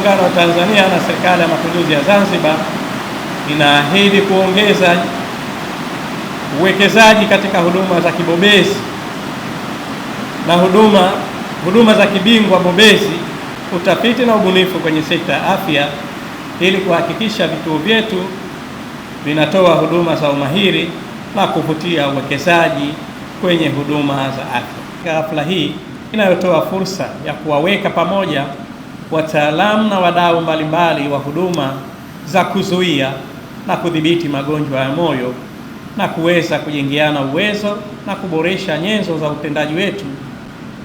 Muungano wa Tanzania na Serikali ya Mapinduzi ya Zanzibar inaahidi kuongeza uwekezaji katika huduma za kibobezi na huduma, huduma za kibingwa bobezi, utafiti na ubunifu kwenye sekta ya afya ili kuhakikisha vituo vyetu vinatoa huduma za umahiri na kuvutia uwekezaji kwenye huduma za afya. Hafla hii inayotoa fursa ya kuwaweka pamoja wataalamu na wadau mbalimbali wa huduma za kuzuia na kudhibiti magonjwa ya moyo na kuweza kujengeana uwezo na kuboresha nyenzo za utendaji wetu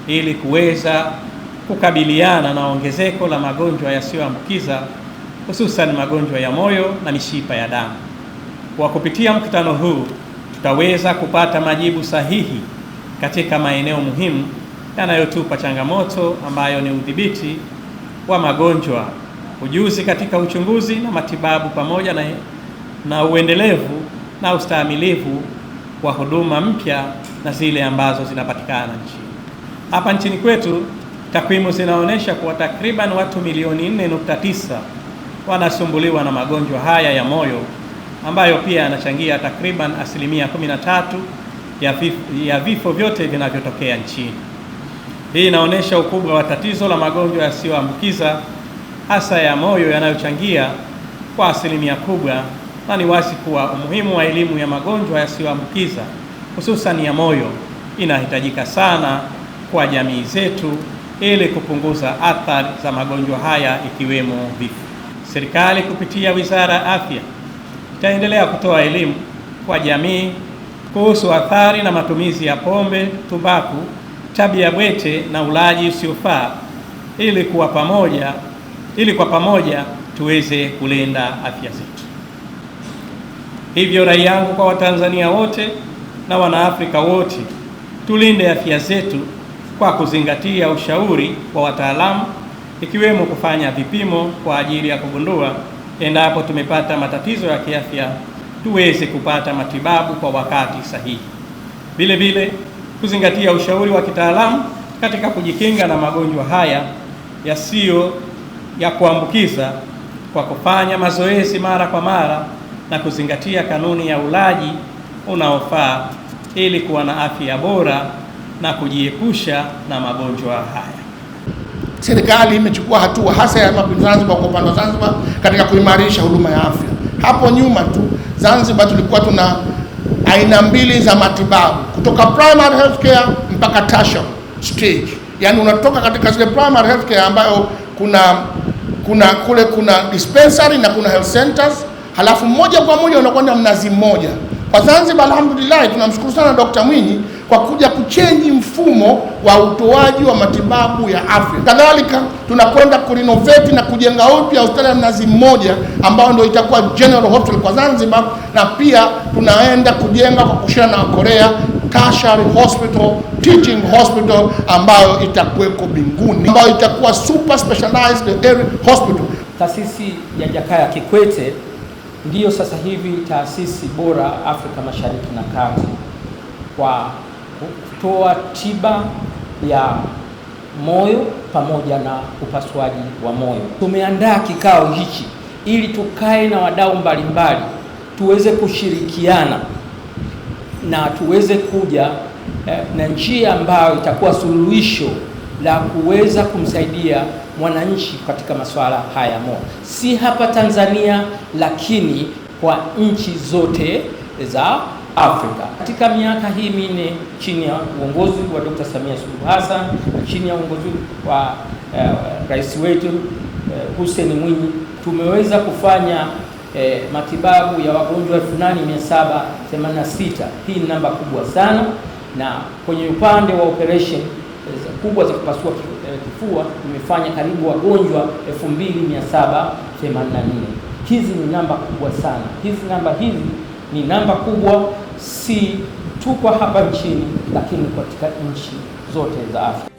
ili kuweza kukabiliana na ongezeko la magonjwa yasiyoambukiza hususan magonjwa ya moyo na mishipa ya damu. Kwa kupitia mkutano huu tutaweza kupata majibu sahihi katika maeneo muhimu yanayotupa changamoto ambayo ni udhibiti wa magonjwa, ujuzi katika uchunguzi na matibabu, pamoja na, na uendelevu na ustahimilivu wa huduma mpya na zile ambazo zinapatikana nchini. Hapa nchini kwetu takwimu zinaonyesha kuwa takriban watu milioni 4.9 wanasumbuliwa na magonjwa haya ya moyo ambayo pia yanachangia takriban asilimia 13 ya vifo vyote vinavyotokea nchini. Hii inaonyesha ukubwa wa tatizo la magonjwa yasiyoambukiza hasa ya moyo yanayochangia kwa asilimia kubwa, na ni wazi kuwa umuhimu wa elimu ya magonjwa yasiyoambukiza hususan ya moyo inahitajika sana kwa jamii zetu ili kupunguza athari za magonjwa haya ikiwemo vifo. Serikali kupitia Wizara ya Afya itaendelea kutoa elimu kwa jamii kuhusu athari na matumizi ya pombe, tumbaku tabia bwete na ulaji usiofaa, ili kuwa pamoja ili kwa pamoja tuweze kulinda afya zetu. Hivyo rai yangu kwa Watanzania wote na Wanaafrika wote, tulinde afya zetu kwa kuzingatia ushauri wa wataalamu, ikiwemo kufanya vipimo kwa ajili ya kugundua endapo tumepata matatizo ya kiafya, tuweze kupata matibabu kwa wakati sahihi. Vile vile kuzingatia ushauri wa kitaalamu katika kujikinga na magonjwa haya yasiyo ya kuambukiza kwa kufanya mazoezi mara kwa mara na kuzingatia kanuni ya ulaji unaofaa ili kuwa na afya bora na kujiepusha na magonjwa haya. Serikali imechukua hatua hasa ya mapi Zanzibar kwa upande wa Zanzibar katika kuimarisha huduma ya afya. Hapo nyuma tu Zanzibar tulikuwa tuna aina mbili za matibabu kutoka primary healthcare mpaka tertiary stage, yani unatoka katika zile primary healthcare ambayo kuna kuna kule kuna dispensary na kuna health centers, halafu moja kwa moja unakwenda mnazi mmoja. Kwa Zanzibar, alhamdulillah, tunamshukuru sana Dr. Mwinyi kwa kuja kuchenji mfumo wa utoaji wa matibabu ya afya. Kadhalika tunakwenda kurenovate na kujenga upya hospitali ya Mnazi Mmoja ambayo ndio itakuwa general hospital kwa Zanzibar, na pia tunaenda kujenga kwa kushirikiana na Korea tertiary hospital, teaching hospital ambayo itakuweko mbinguni, ambayo itakuwa super specialized hospital. Taasisi ya Jakaya Kikwete ndiyo sasa hivi taasisi bora Afrika Mashariki na Kati kwa kutoa tiba ya moyo pamoja na upasuaji wa moyo. Tumeandaa kikao hichi ili tukae na wadau mbalimbali tuweze kushirikiana na tuweze kuja eh, na njia ambayo itakuwa suluhisho la kuweza kumsaidia mwananchi katika masuala haya mo si hapa Tanzania, lakini kwa nchi zote za Afrika. Katika miaka hii minne chini ya uongozi wa Dr. Samia Suluhu Hassan na chini ya uongozi wa eh, rais wetu eh, Hussein Mwinyi tumeweza kufanya eh, matibabu ya wagonjwa 8786. Hii ni namba kubwa sana, na kwenye upande wa operation eh, kubwa za kupasua eh, kifua imefanya karibu wagonjwa 2784. Hizi ni namba kubwa sana, hizi namba hizi ni namba kubwa, si tu kwa hapa nchini, lakini katika nchi zote za Afrika.